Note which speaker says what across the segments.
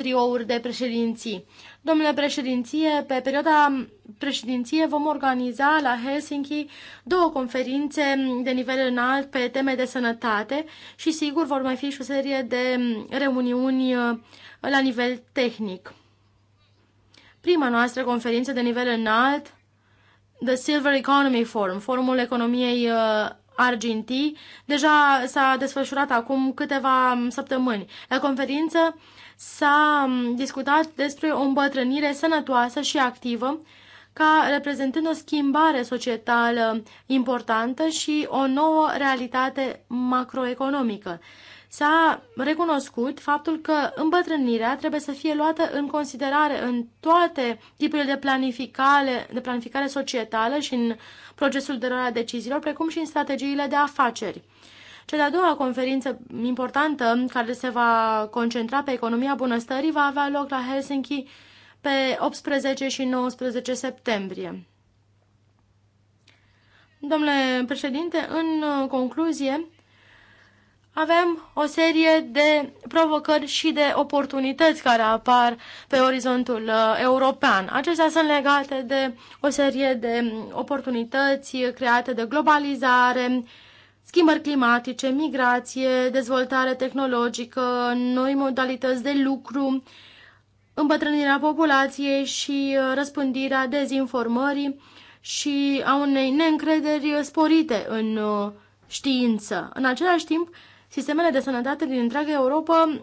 Speaker 1: triouri de președinții. Domnule președinție, pe perioada președinție vom organiza la Helsinki două conferințe de nivel înalt pe teme de sănătate și sigur vor mai fi și o serie de reuniuni uh, la nivel tehnic. Prima noastră conferință de nivel înalt, The Silver Economy Forum, Forumul Economiei uh, Argintii, deja s-a desfășurat acum câteva săptămâni. La conferință s-a discutat despre o îmbătrânire sănătoasă și activă, ca reprezentând o schimbare societală importantă și o nouă realitate macroeconomică. S-a recunoscut faptul că îmbătrânirea trebuie să fie luată în considerare în toate tipurile de planificare, de planificare societală și în procesul de luare a deciziilor, precum și în strategiile de afaceri. Cea de-a doua conferință importantă, care se va concentra pe economia bunăstării, va avea loc la Helsinki pe 18 și 19 septembrie. Domnule președinte, în concluzie, avem o serie de provocări și de oportunități care apar pe orizontul uh, european. Acestea sunt legate de o serie de oportunități create de globalizare, schimbări climatice, migrație, dezvoltare tehnologică, noi modalități de lucru, îmbătrânirea populației și uh, răspândirea dezinformării și a unei neîncrederi sporite în uh, știință. În același timp, sistemele de sănătate din întreaga Europa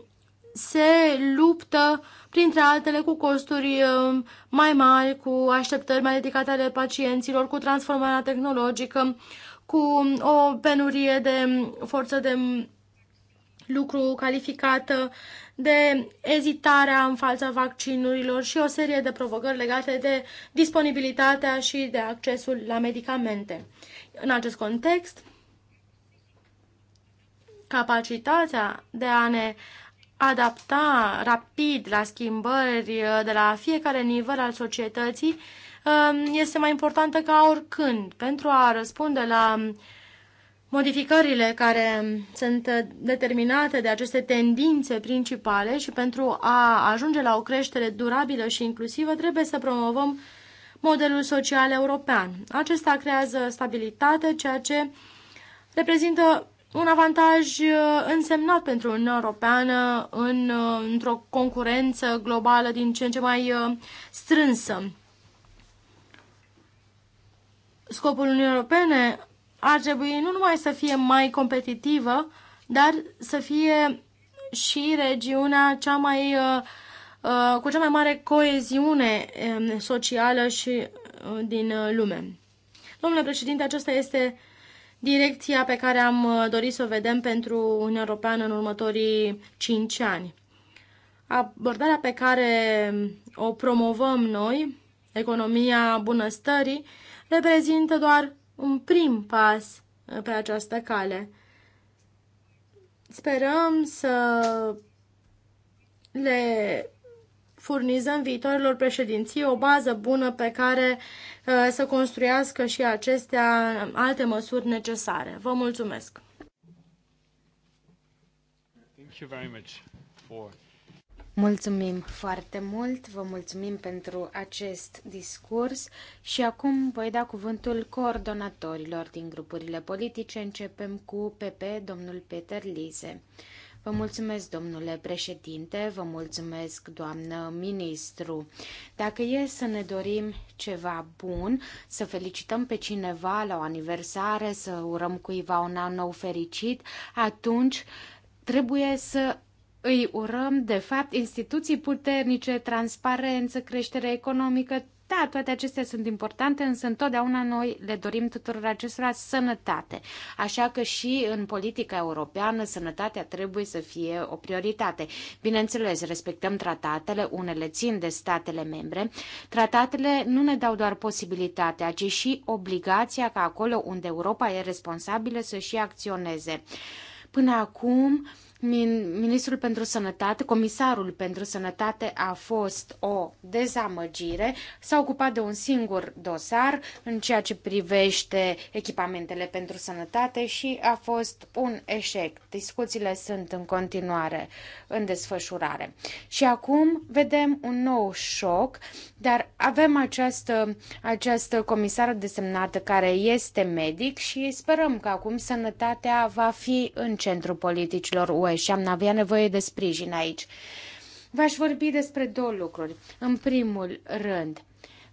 Speaker 1: se luptă, printre altele, cu costuri uh, mai mari, cu așteptări mai ridicate ale pacienților, cu transformarea tehnologică, cu o penurie de forță de lucru calificată, de ezitarea în fața vaccinurilor și o serie de provocări legate de disponibilitatea și de accesul la medicamente. În acest context, capacitatea de a ne adapta rapid la schimbări de la fiecare nivel al societății Um, este mai importantă ca oricând pentru a răspunde la modificările care sunt determinate de aceste tendințe principale și pentru a ajunge la o creștere durabilă și inclusivă trebuie să promovăm modelul social european. Acesta creează stabilitate, ceea ce reprezintă un avantaj uh, însemnat pentru Uniunea Europeană în, uh, într-o concurență globală din ce în ce mai uh, strânsă. Scopul Uniunii Europene ar trebui nu numai să fie mai competitivă, dar să fie și regiunea cea mai, uh, uh, cu cea mai mare coeziune um, socială și uh, din lume. Domnule președinte, aceasta este direcția pe care am dorit să o vedem pentru Uniunea Europeană în următorii 5 ani. Abordarea pe care um, o promovăm noi, economia bunăstării, reprezintă doar un prim pas uh, pe această cale. Sperăm să le furnizăm viitorilor președinții o bază bună pe care uh, să construiască și acestea alte măsuri necesare. Vă mulțumesc!
Speaker 2: Thank you very much for
Speaker 3: Mulțumim foarte mult, vă mulțumim pentru acest discurs și acum voi da cuvântul coordonatorilor din grupurile politice. Începem cu PP, domnul Peter Lize. Vă mulțumesc, domnule președinte, vă mulțumesc, doamnă ministru. Dacă e să ne dorim ceva bun, să felicităm pe cineva la o aniversare, să urăm cuiva un an nou fericit, atunci trebuie să îi urăm, de fapt, instituții puternice, transparență, creștere economică, da, toate acestea sunt importante, însă întotdeauna noi le dorim tuturor acestora sănătate. Așa că și în politica europeană sănătatea trebuie să fie o prioritate. Bineînțeles, respectăm tratatele, unele țin de statele membre. Tratatele nu ne dau doar posibilitatea, ci și obligația ca acolo unde Europa e responsabilă să și acționeze. Până acum, uh, Ministrul pentru Sănătate, Comisarul pentru Sănătate a fost o dezamăgire, s-a ocupat de un singur dosar în ceea ce privește echipamentele pentru sănătate și a fost un eșec. Discuțiile sunt în continuare în desfășurare. Și acum vedem un nou șoc, dar avem această, această comisară desemnată care este medic și sperăm că acum sănătatea va fi în centrul politicilor UE nevoie și am avea nevoie de sprijin aici. V-aș vorbi despre două lucruri. În primul rând,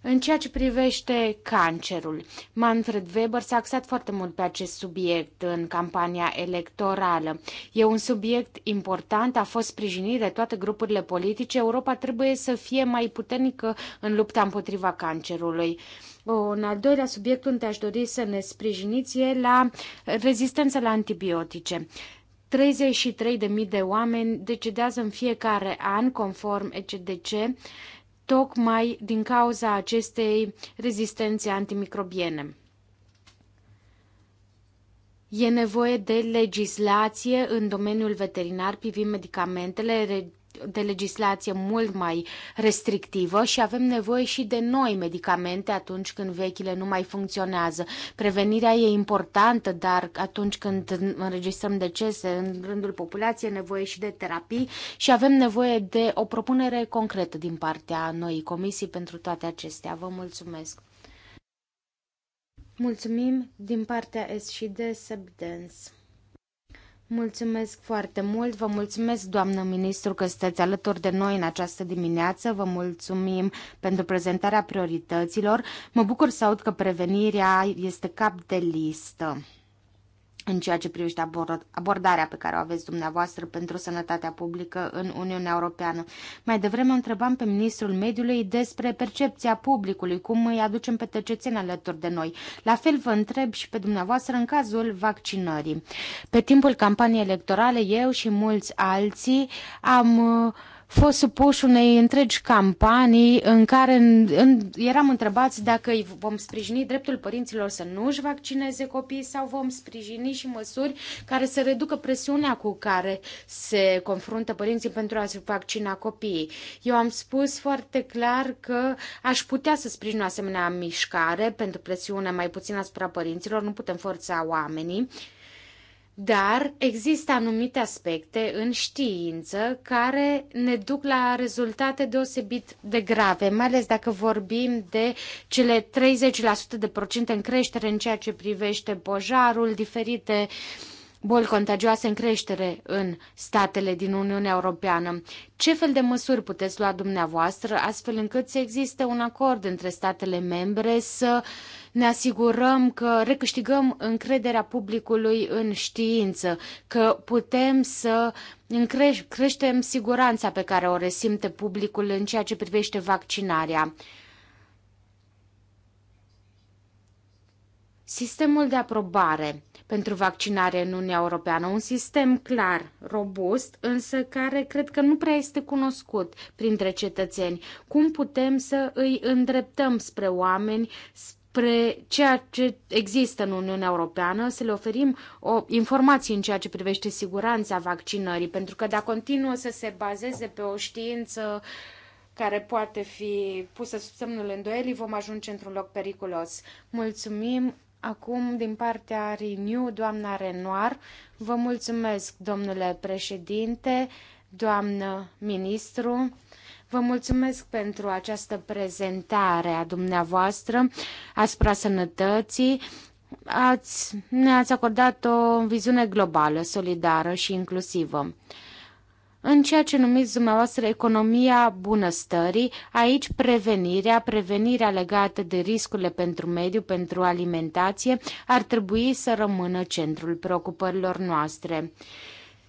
Speaker 3: în ceea ce privește cancerul, Manfred Weber s-a axat foarte mult pe acest subiect în campania electorală. E un subiect important, a fost sprijinit de toate grupurile politice. Europa trebuie să fie mai puternică în lupta împotriva cancerului. Un al doilea subiect unde aș dori să ne sprijiniți e la rezistența la antibiotice. 33.000 de oameni decedează în fiecare an, conform ECDC, tocmai din cauza acestei rezistențe antimicrobiene. E nevoie de legislație în domeniul veterinar privind medicamentele, de legislație mult mai restrictivă și avem nevoie și de noi medicamente atunci când vechile nu mai funcționează. Prevenirea e importantă, dar atunci când înregistrăm decese în rândul populației, nevoie și de terapii și avem nevoie de o propunere concretă din partea noii comisii pentru toate acestea. Vă mulțumesc! Mulțumim din partea S și de Subdance. Mulțumesc foarte mult, vă mulțumesc, doamnă ministru, că sunteți alături de noi în această dimineață, vă mulțumim pentru prezentarea priorităților. Mă bucur să aud că prevenirea este cap de listă în ceea ce privește abordarea pe care o aveți dumneavoastră pentru sănătatea publică în Uniunea Europeană. Mai devreme întrebam pe ministrul mediului despre percepția publicului, cum îi aducem pe tăcețeni alături de noi. La fel vă întreb și pe dumneavoastră în cazul vaccinării. Pe timpul campaniei electorale, eu și mulți alții am uh, fost supuși unei întregi campanii în care în, în, eram întrebați dacă îi vom sprijini dreptul părinților să nu își vaccineze copiii sau vom sprijini și măsuri care să reducă presiunea cu care se confruntă părinții pentru a se vaccina copiii. Eu am spus foarte clar că aș putea să sprijin o asemenea mișcare pentru presiune mai puțin asupra părinților, nu putem forța oamenii dar există anumite aspecte în știință care ne duc la rezultate deosebit de grave, mai ales dacă vorbim de cele 30% de procente în creștere în ceea ce privește pojarul, diferite uh, boli contagioase în creștere în statele din Uniunea Europeană. Ce fel de măsuri puteți lua dumneavoastră astfel încât să existe un acord între statele membre să ne asigurăm că recâștigăm încrederea publicului în știință, că putem să creștem siguranța pe care o resimte publicul în ceea ce privește vaccinarea? Sistemul de aprobare pentru vaccinare în Uniunea Europeană, un sistem clar, robust, însă care cred că nu prea este cunoscut printre cetățeni. Cum putem să îi îndreptăm spre oameni, spre ceea ce există în Uniunea Europeană, să le oferim o informație în ceea ce privește siguranța vaccinării, pentru că dacă continuă să se bazeze pe o știință care poate fi pusă sub semnul îndoielii, vom ajunge într-un loc periculos. Mulțumim, Acum, din partea Renew, doamna Renoir, vă mulțumesc, domnule președinte, doamnă ministru, vă mulțumesc pentru această prezentare a dumneavoastră asupra sănătății. Ați, ne-ați acordat o viziune globală, solidară și inclusivă. În ceea ce numiți dumneavoastră economia bunăstării, aici prevenirea, prevenirea legată de riscurile pentru mediu, pentru alimentație, ar trebui să rămână centrul preocupărilor noastre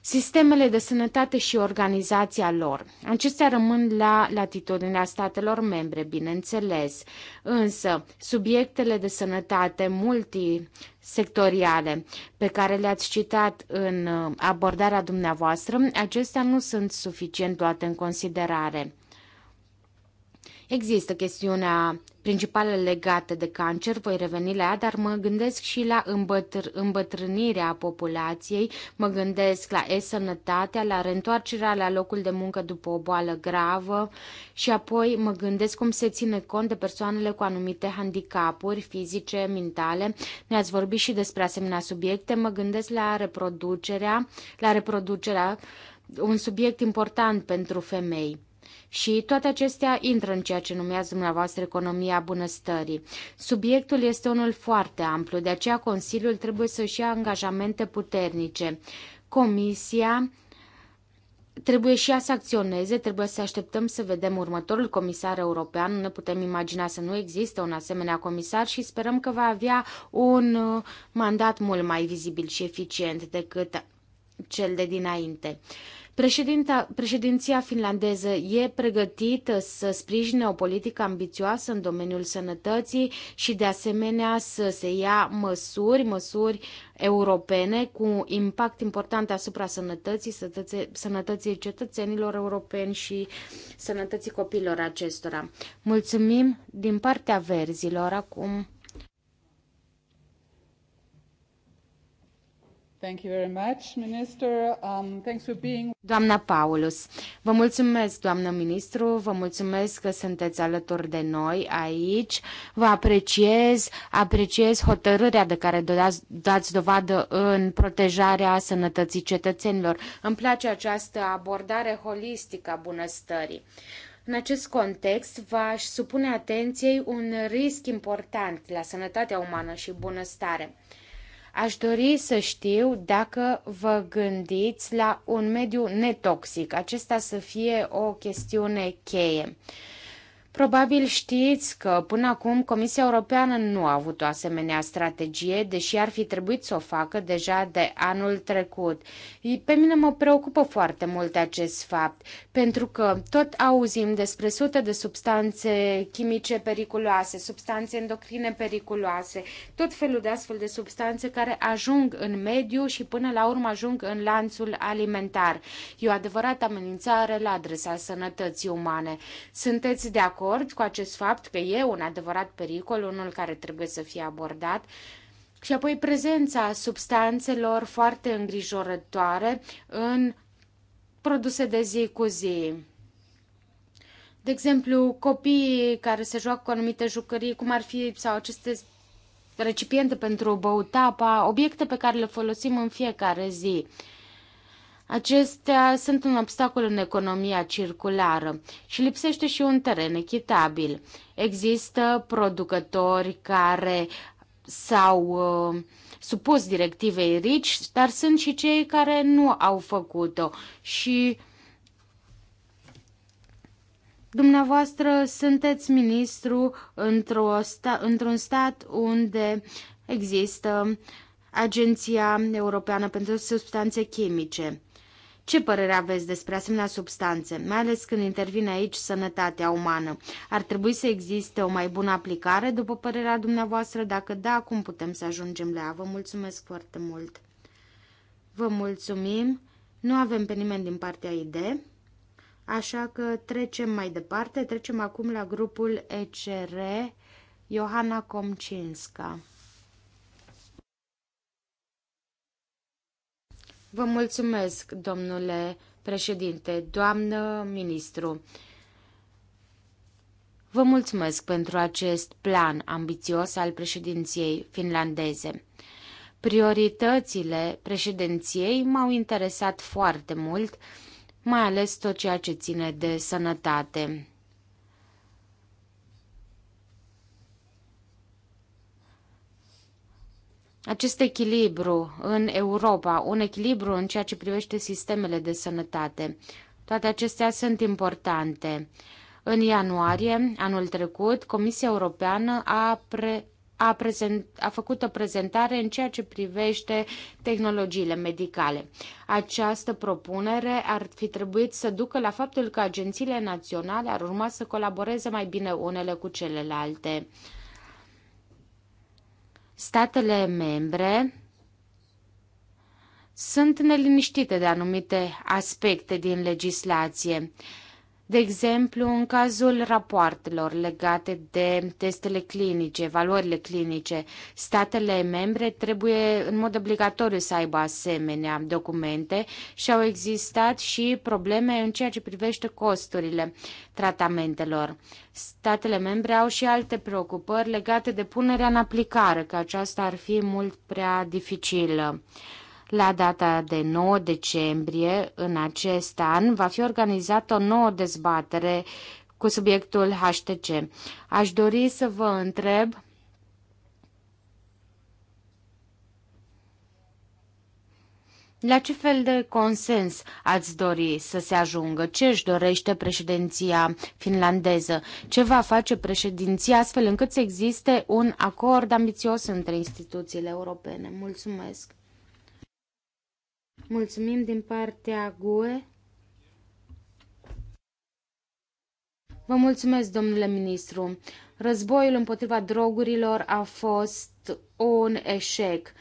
Speaker 3: sistemele de sănătate și organizația lor. Acestea rămân la latitudinea statelor membre, bineînțeles, însă subiectele de sănătate multisectoriale pe care le-ați citat în uh, abordarea dumneavoastră, acestea nu sunt suficient luate în considerare. Există chestiunea principală legată de cancer, voi reveni la ea, dar mă gândesc și la îmbătr- îmbătrânirea populației, mă gândesc la e-sănătatea, la reîntoarcerea la locul de muncă după o boală gravă și apoi mă gândesc cum se ține cont de persoanele cu anumite handicapuri fizice, mentale. Ne-ați vorbit și despre asemenea subiecte, mă gândesc la reproducerea, la reproducerea un subiect important pentru femei. Și toate acestea intră în ceea ce numează dumneavoastră economia bunăstării. Subiectul este unul foarte amplu, de aceea Consiliul trebuie să-și ia angajamente puternice. Comisia trebuie și ea să acționeze, trebuie să așteptăm să vedem următorul comisar european, nu ne putem imagina să nu există un asemenea comisar și sperăm că va avea un uh, mandat mult mai vizibil și eficient decât cel de dinainte. Președinta, președinția finlandeză e pregătită să sprijine o politică ambițioasă în domeniul sănătății și de asemenea să se ia măsuri, măsuri europene cu impact important asupra sănătății, sănătății cetățenilor europeni și sănătății copiilor acestora. Mulțumim din partea verzilor acum. Thank you very much, Minister. Um, thanks for being... Doamna Paulus, vă mulțumesc, doamnă ministru, vă mulțumesc că sunteți alături de noi aici. Vă apreciez, apreciez hotărârea de care dați, dați dovadă în protejarea sănătății cetățenilor. Îmi place această abordare holistică a bunăstării. În acest context, v-aș supune atenției un risc important la sănătatea umană și bunăstare. Aș dori să știu dacă vă gândiți la un mediu netoxic, acesta să fie o chestiune cheie. Probabil știți că până acum Comisia Europeană nu a avut o asemenea strategie, deși ar fi trebuit să o facă deja de anul trecut. Pe mine mă preocupă foarte mult acest fapt, pentru că tot auzim despre sute de substanțe chimice periculoase, substanțe endocrine periculoase, tot felul de astfel de substanțe care ajung în mediu și până la urmă ajung în lanțul alimentar. E o adevărată amenințare la adresa sănătății umane. Sunteți de acord? acord cu acest fapt că e un adevărat pericol, unul care trebuie să fie abordat, și apoi prezența substanțelor foarte îngrijorătoare în produse de zi cu zi. De exemplu, copiii care se joacă cu anumite jucării, cum ar fi sau aceste recipiente pentru băut apa, obiecte pe care le folosim în fiecare zi. Uh, Acestea sunt un obstacol în economia circulară și lipsește și un teren echitabil. Există producători care s-au uh, supus directivei RICI, dar sunt și cei care nu au făcut-o și dumneavoastră sunteți ministru într-un sta, într stat unde există Agenția Europeană pentru Substanțe Chimice. Ce părere aveți despre asemenea substanțe, mai ales când intervine aici sănătatea umană? Ar trebui să existe o mai bună aplicare, după părerea dumneavoastră? Dacă da, cum putem să ajungem la ea? Vă mulțumesc foarte mult! Vă mulțumim! Nu avem pe nimeni din partea ID, așa că trecem mai departe. Trecem acum la grupul ECR Johanna Comcinska. Vă mulțumesc, domnule președinte, doamnă ministru. Vă mulțumesc pentru acest plan ambițios al președinției finlandeze. Prioritățile președinției m-au interesat foarte mult, mai ales tot ceea ce ține de sănătate. acest echilibru în Europa, un echilibru în ceea ce privește sistemele de sănătate. Toate acestea sunt importante. În ianuarie anul trecut, Comisia Europeană a, pre, a, prezent, a făcut o prezentare în ceea ce privește tehnologiile medicale. Această propunere ar fi trebuit să ducă la faptul că agențiile naționale ar urma să colaboreze mai bine unele cu celelalte statele membre sunt neliniștite de anumite aspecte din legislație de exemplu, în cazul rapoartelor legate de testele clinice, valorile clinice, statele membre trebuie în mod obligatoriu să aibă asemenea documente și au existat și probleme în ceea ce privește costurile tratamentelor. Statele membre au și alte preocupări legate de punerea în aplicare, că aceasta ar fi mult prea dificilă. La data de 9 decembrie în acest an va fi organizată o nouă dezbatere cu subiectul HTC. Aș dori să vă întreb La ce fel de consens ați dori să se ajungă? Ce își dorește președinția finlandeză? Ce va face președinția astfel încât să existe un acord ambițios între instituțiile europene? Mulțumesc! Mulțumim din partea GUE. Vă mulțumesc, domnule ministru. Războiul împotriva drogurilor a fost un eșec.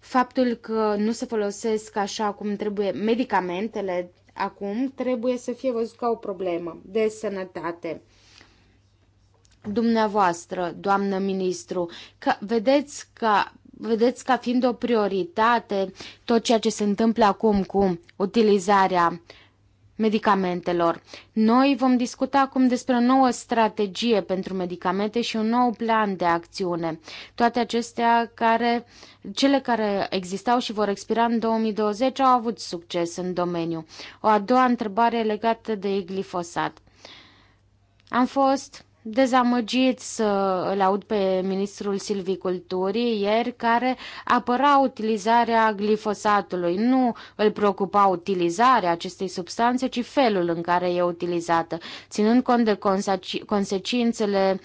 Speaker 3: Faptul că nu se folosesc așa cum trebuie medicamentele acum trebuie să fie văzut ca o problemă de sănătate. Dumneavoastră, doamnă ministru, că vedeți ca vedeți ca fiind o prioritate tot ceea ce se întâmplă acum cu utilizarea medicamentelor. Noi vom discuta acum despre o nouă strategie pentru medicamente și un nou plan de acțiune. Toate acestea care, cele care existau și vor expira în 2020 au avut succes în domeniu. O a doua întrebare legată de glifosat. Am fost dezamăgit să îl aud pe ministrul silviculturii ieri care apăra utilizarea glifosatului. Nu îl preocupa utilizarea acestei substanțe, ci felul în care e utilizată, ținând cont de conse- consecințele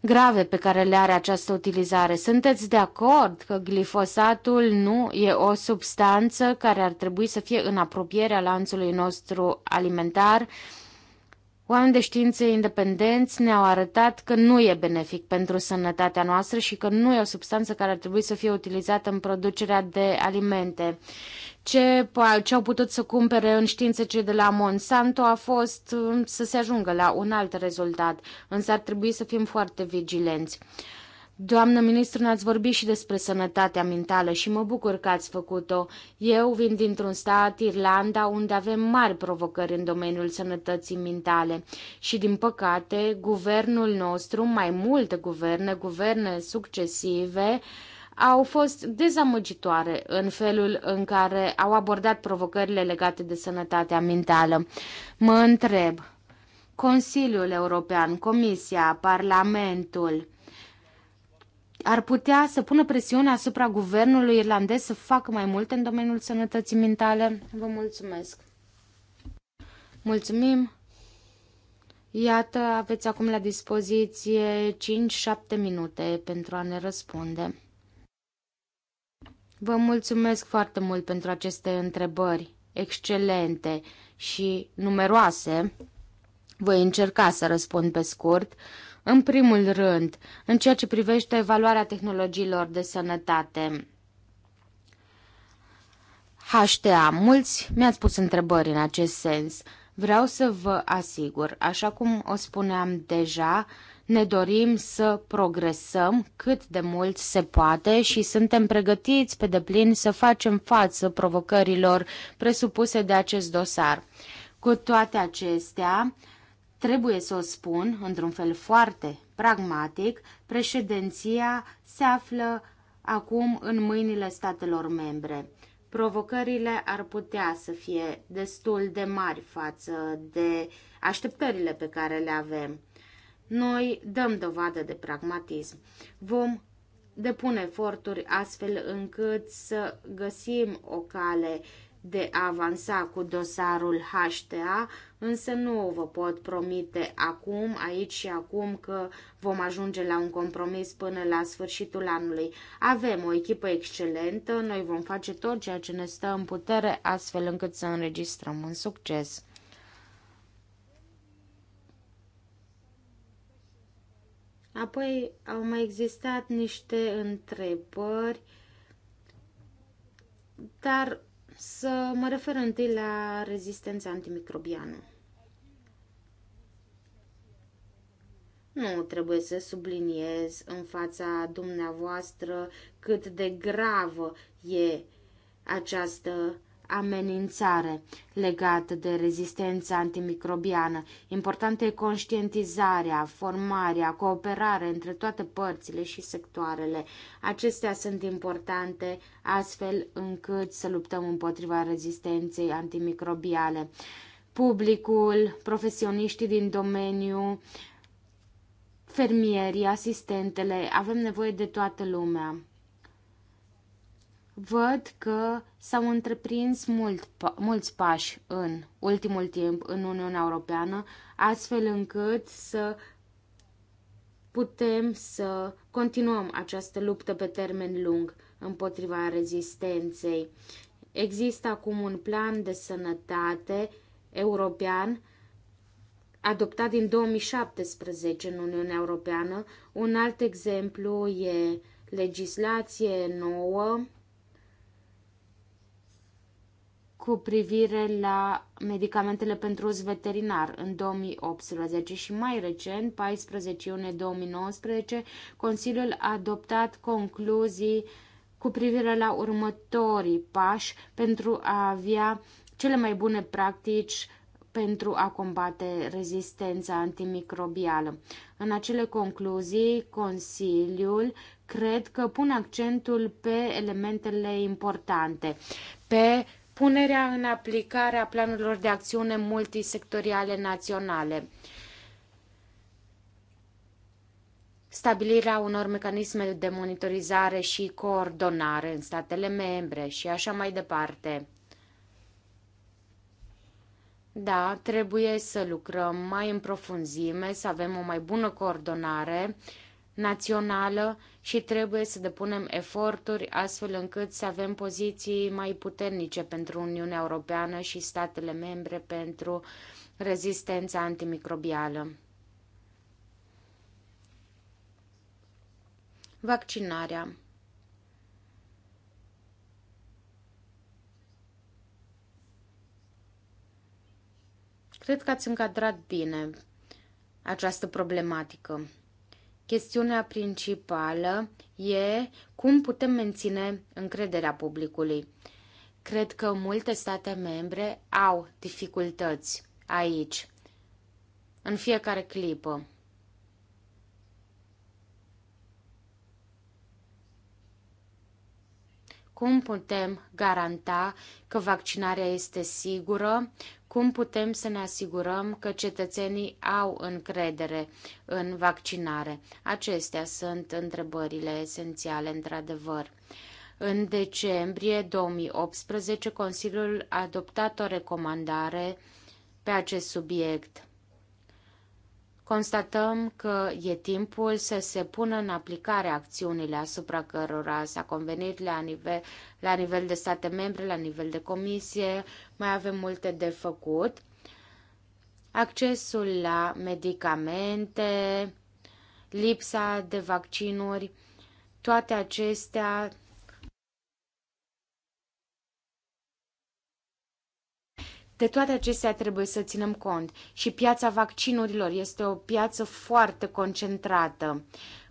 Speaker 3: grave pe care le are această utilizare. Sunteți de acord că glifosatul nu e o substanță care ar trebui să fie în apropierea lanțului nostru alimentar? Uh, Oameni de știință independenți ne-au arătat că nu e benefic pentru sănătatea noastră și că nu e o substanță care ar trebui să fie utilizată în producerea de alimente. Ce, ce au putut să cumpere în știință cei de la Monsanto a fost um, să se ajungă la un alt rezultat, însă ar trebui să fim foarte vigilenți. Doamnă ministru, ne-ați vorbit și despre sănătatea mentală și mă bucur că ați făcut-o. Eu vin dintr-un stat, Irlanda, unde avem mari provocări în domeniul sănătății mentale și, din păcate, guvernul nostru, mai multe guverne, guverne succesive, au fost dezamăgitoare în felul în care au abordat provocările legate de sănătatea mentală. Mă întreb, Consiliul European, Comisia, Parlamentul, ar putea să pună presiune asupra guvernului irlandez să facă mai multe în domeniul sănătății mentale? Vă mulțumesc! Mulțumim! Iată, aveți acum la dispoziție 5-7 minute pentru a ne răspunde. Vă mulțumesc foarte mult pentru aceste întrebări excelente și numeroase. Voi încerca să răspund pe scurt. Uh, în primul rând, în ceea ce privește evaluarea tehnologiilor de sănătate, HTA, mulți mi-ați pus întrebări în acest sens. Vreau să vă asigur, așa cum o spuneam deja, ne dorim să progresăm cât de mult se poate și suntem pregătiți pe deplin să facem față provocărilor presupuse de acest dosar. Cu toate acestea, Trebuie să o spun, într-un fel foarte pragmatic, președinția se află acum în mâinile statelor membre. Provocările ar putea să fie destul de mari față de așteptările pe care le avem. Noi dăm dovadă de pragmatism. Vom depune eforturi astfel încât să găsim o cale de a avansa cu dosarul HTA, însă nu vă pot promite acum, aici și acum, că vom ajunge la un compromis până la sfârșitul anului. Avem o echipă excelentă, noi vom face tot ceea ce ne stă în putere, astfel încât să înregistrăm un succes. Apoi au mai existat niște întrebări, dar să mă refer întâi la rezistența antimicrobiană. Nu trebuie să subliniez în fața dumneavoastră cât de gravă e această amenințare legată de rezistența antimicrobiană. Importantă e conștientizarea, formarea, cooperarea între toate părțile și sectoarele. Acestea sunt importante astfel încât să luptăm împotriva rezistenței antimicrobiale. Publicul, profesioniștii din domeniu, fermierii, asistentele, avem nevoie de toată lumea văd că s-au întreprins mult, mulți pași în ultimul timp în Uniunea Europeană, astfel încât să putem să continuăm această luptă pe termen lung împotriva rezistenței. Există acum un plan de sănătate european adoptat din 2017 în Uniunea Europeană. Un alt exemplu e legislație nouă cu privire la medicamentele pentru uz veterinar în 2018 și mai recent, 14 iunie 2019, Consiliul a adoptat concluzii cu privire la următorii pași pentru a avea cele mai bune practici pentru a combate rezistența antimicrobială. În acele concluzii, Consiliul cred că pune accentul pe elementele importante, pe punerea în aplicare a planurilor de acțiune multisectoriale naționale, stabilirea unor mecanisme de monitorizare și coordonare în statele membre și așa mai departe. Da, trebuie să lucrăm mai în profunzime, să avem o mai bună coordonare națională și trebuie să depunem eforturi astfel încât să avem poziții mai puternice pentru Uniunea Europeană și statele membre pentru rezistența antimicrobială. Vaccinarea Cred că ați încadrat bine această problematică. Chestiunea principală e cum putem menține încrederea publicului. Cred că multe state membre au dificultăți aici, în fiecare clipă. Cum putem garanta că vaccinarea este sigură? Cum putem să ne asigurăm că cetățenii au încredere în vaccinare? Acestea sunt întrebările esențiale, într-adevăr. În decembrie 2018, Consiliul a adoptat o recomandare pe acest subiect. Constatăm că e timpul să se pună în aplicare acțiunile asupra cărora s-a convenit la nivel, la nivel de state membre, la nivel de comisie. Mai avem multe de făcut. Accesul la medicamente, lipsa de vaccinuri, toate acestea De toate acestea trebuie să ținem cont și piața vaccinurilor este o piață foarte concentrată.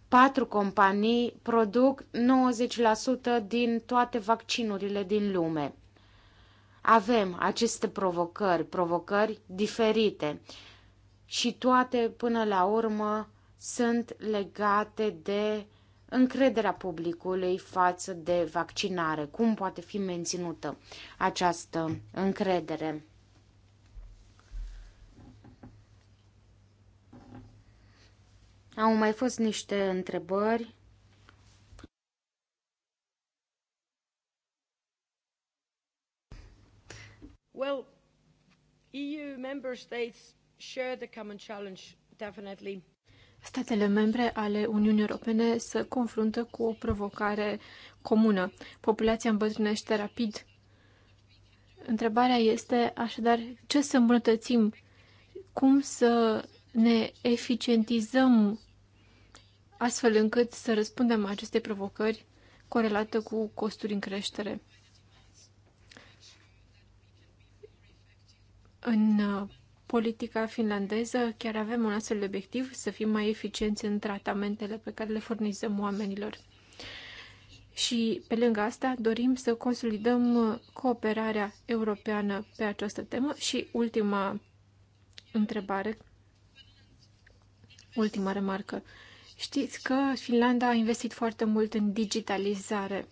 Speaker 3: Patru companii produc 90% din toate vaccinurile din lume. Avem aceste provocări, provocări diferite și toate până la urmă sunt legate de încrederea publicului față de vaccinare. Cum poate fi menținută această încredere? Au mai fost niște întrebări.
Speaker 2: Well, EU member states share the common challenge, definitely. Statele membre ale Uniunii Europene se confruntă cu o provocare comună. Populația îmbătrânește rapid. Întrebarea este așadar ce să îmbunătățim, cum să ne eficientizăm astfel încât să răspundem aceste provocări corelată cu costuri în creștere. În uh, politica finlandeză chiar avem un astfel de obiectiv, să fim mai eficienți în tratamentele pe care le furnizăm oamenilor. Și pe lângă asta dorim să consolidăm uh, cooperarea europeană pe această temă și ultima întrebare, ultima remarcă. Știți că Finlanda a investit foarte mult în digitalizare.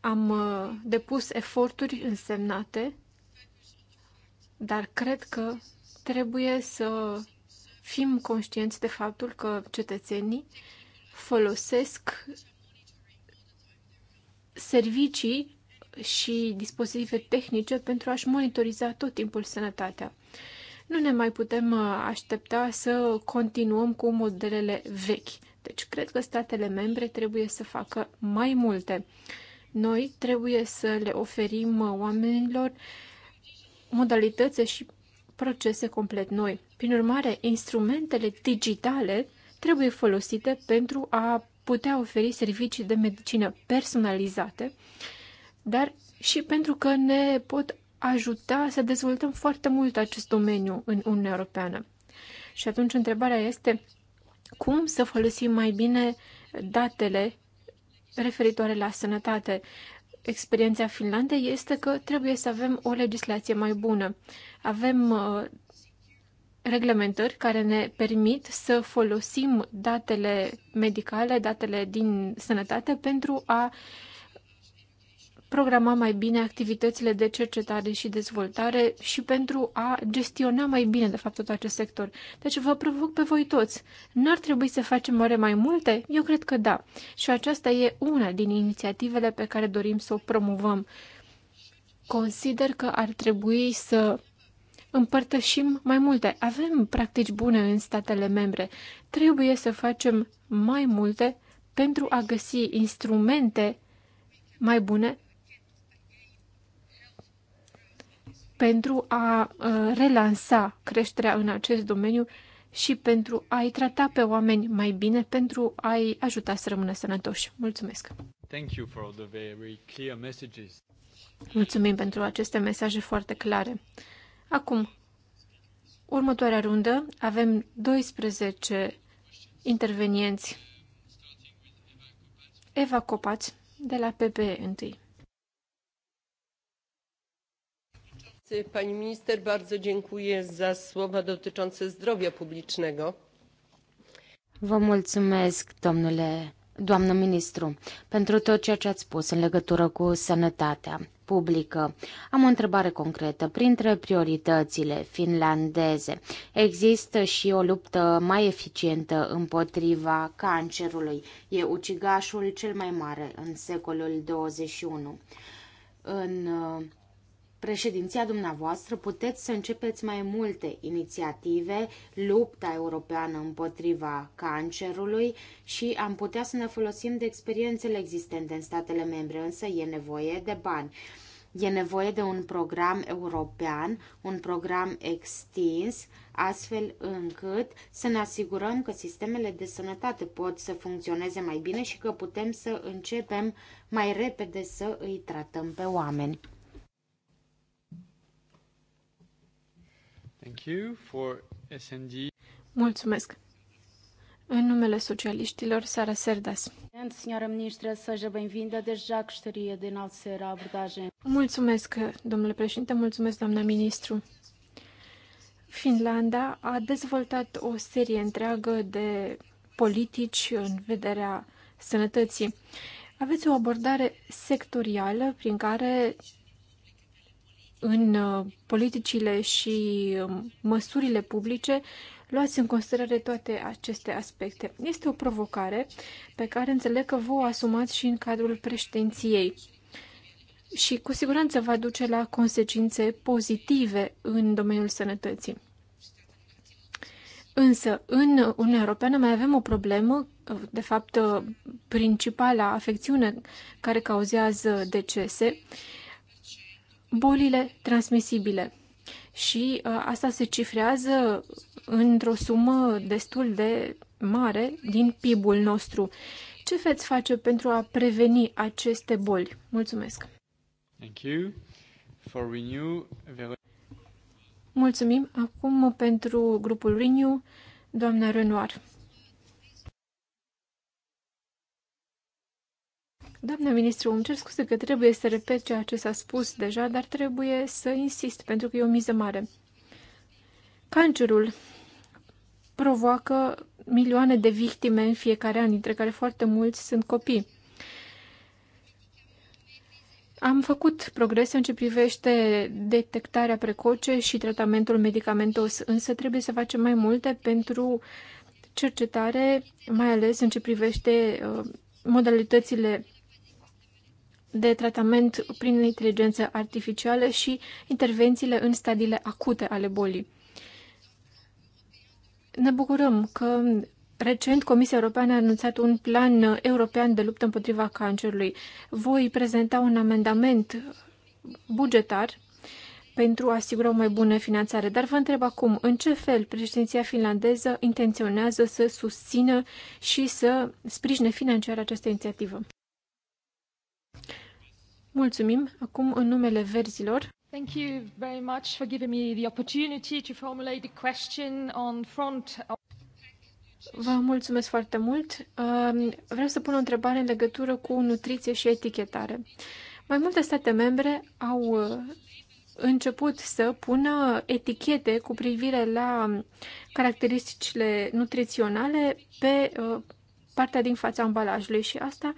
Speaker 2: Am uh, depus eforturi însemnate, dar cred că trebuie să fim conștienți de faptul că cetățenii folosesc servicii și dispozitive tehnice pentru a-și monitoriza tot timpul sănătatea. Nu ne mai putem uh, aștepta să continuăm cu modelele vechi. Deci, cred că statele membre trebuie să facă mai multe. Noi trebuie să le oferim uh, oamenilor modalități și procese complet noi. Prin urmare, instrumentele digitale trebuie folosite pentru a putea oferi servicii de medicină personalizate, dar și pentru că ne pot ajuta să dezvoltăm foarte mult acest domeniu în Uniunea Europeană. Și atunci întrebarea este cum să folosim mai bine datele referitoare la sănătate. Experiența Finlandei este că trebuie să avem o legislație mai bună. Avem uh, reglementări care ne permit să folosim datele medicale, datele din sănătate pentru a uh, programa mai bine activitățile de cercetare și dezvoltare și pentru a gestiona mai bine, de fapt, tot acest sector. Deci vă provoc pe voi toți. N-ar trebui să facem oare mai multe? Eu cred că da. Și aceasta e una din inițiativele pe care dorim să o promovăm. Consider că ar trebui să împărtășim mai multe. Avem practici bune în statele membre. Trebuie să facem mai multe pentru a găsi instrumente mai bune pentru a uh, relansa creșterea în acest domeniu și pentru a-i trata pe oameni mai bine, pentru a-i ajuta să rămână sănătoși. Mulțumesc! Thank you for the very clear messages. Mulțumim pentru aceste mesaje foarte clare. Acum, următoarea rundă, avem 12 intervenienți. Eva Copați, de la PPE întâi.
Speaker 1: Pani minister, bardzo dziękuję za słowa dotyczące zdrowia publicznego.
Speaker 3: Vă mulțumesc, domnule, doamnă ministru, pentru tot ceea ce ați spus în legătură cu sănătatea publică. Am o întrebare concretă. Printre prioritățile finlandeze, există și o luptă mai eficientă împotriva cancerului. E ucigașul cel mai mare în secolul 21. În uh, președinția dumneavoastră puteți să începeți mai multe inițiative, lupta europeană împotriva cancerului și am putea să ne folosim de experiențele existente în statele membre, însă e nevoie de bani. E nevoie de un program european, un program extins, astfel încât să ne asigurăm că sistemele de sănătate pot să funcționeze mai bine și că putem să începem mai repede să îi tratăm pe oameni.
Speaker 2: Thank you for SND. Mulțumesc. În numele socialiștilor, Sara Serdas.
Speaker 3: Senhora Ministra, seja bem-vinda. de enaltecer
Speaker 2: Mulțumesc, domnule președinte, mulțumesc, doamna ministru. Finlanda a dezvoltat o serie întreagă de politici în vederea sănătății. Aveți o abordare sectorială prin care în uh, politicile și um, măsurile publice luați în considerare toate aceste aspecte. Este o provocare pe care înțeleg că vă o asumați și în cadrul președinției și cu siguranță va duce la consecințe pozitive în domeniul sănătății. Însă, în Uniunea Europeană mai avem o problemă, uh, de fapt, uh, principala afecțiune care cauzează decese, bolile transmisibile. Și uh, asta se cifrează într-o sumă destul de mare din PIB-ul nostru. Ce veți face pentru a preveni aceste boli? Mulțumesc! Thank you. For Renew, Mulțumim acum pentru grupul Renew, doamna Renoir. Doamna ministru, îmi cer scuze că trebuie să repet ceea ce s-a spus deja, dar trebuie să insist, pentru că e o miză mare. Cancerul provoacă milioane de victime în fiecare an, dintre care foarte mulți sunt copii. Am făcut progrese în ce privește detectarea precoce și tratamentul medicamentos, însă trebuie să facem mai multe pentru cercetare, mai ales în ce privește uh, modalitățile de tratament prin inteligență artificială și intervențiile în stadiile acute ale bolii. Ne bucurăm că recent Comisia Europeană a anunțat un plan european de luptă împotriva cancerului. Voi prezenta un amendament bugetar pentru a asigura o mai bună finanțare. Dar vă întreb acum, în ce fel președinția finlandeză intenționează să susțină și să sprijine financiar această inițiativă? Mulțumim. Acum, în numele verzilor. Thank you very much for giving me the opportunity to formulate a question on front. Vă mulțumesc foarte mult. Um, vreau să pun o întrebare în legătură cu nutriție și etichetare. Mai multe state membre au uh, început să pună etichete cu privire la caracteristicile nutriționale pe uh, partea din fața ambalajului și asta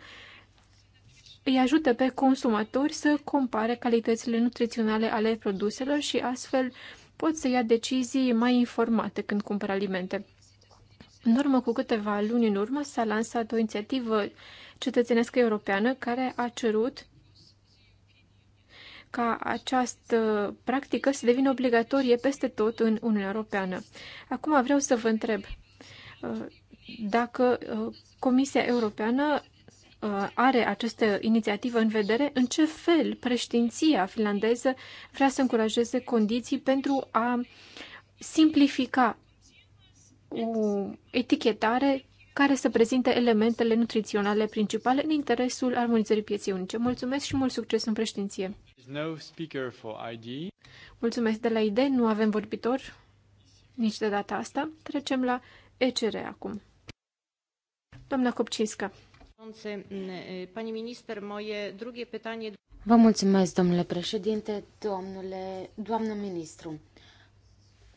Speaker 2: îi ajută pe consumatori să compare calitățile nutriționale ale produselor și astfel pot să ia decizii mai informate când cumpără alimente. În urmă cu câteva luni în urmă s-a lansat o inițiativă cetățenescă europeană care a cerut ca această practică să devină obligatorie peste tot în Uniunea Europeană. Acum vreau să vă întreb uh, dacă uh, Comisia Europeană Uh, are această inițiativă în vedere, în ce fel preștinția finlandeză vrea să încurajeze condiții pentru a simplifica o etichetare care să prezinte elementele nutriționale principale în interesul armonizării pieței unice. Mulțumesc și mult succes în preștinție! Mulțumesc de la ID, nu avem vorbitor nici de data asta. Trecem la ECR acum. Doamna Copcinscă. Vă
Speaker 3: mulțumesc, domnule președinte, domnule, doamnă ministru.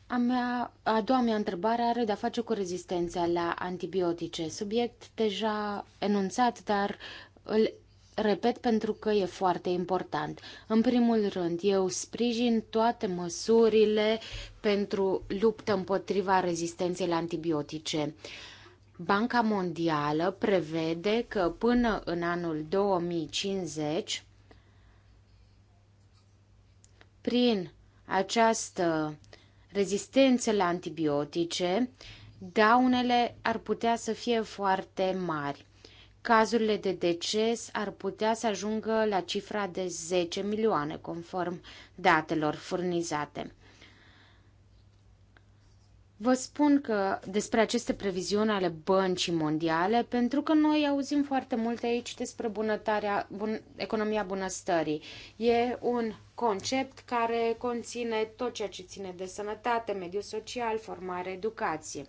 Speaker 3: A, mea, a doua mea întrebare are de-a face cu rezistența la antibiotice, subiect deja enunțat, dar îl repet pentru că e foarte important. În primul rând, eu sprijin toate măsurile pentru luptă împotriva rezistenței la antibiotice. Uh, Banca Mondială prevede că până în anul 2050, prin această rezistență la antibiotice, daunele ar putea să fie foarte mari. Cazurile de deces ar putea să ajungă la cifra de 10 milioane, conform datelor furnizate. Vă spun că despre aceste previziuni ale băncii mondiale, pentru că noi auzim foarte mult aici despre bunătarea, bun, economia bunăstării. E un concept care conține tot ceea ce ține de sănătate, mediu social, formare, educație.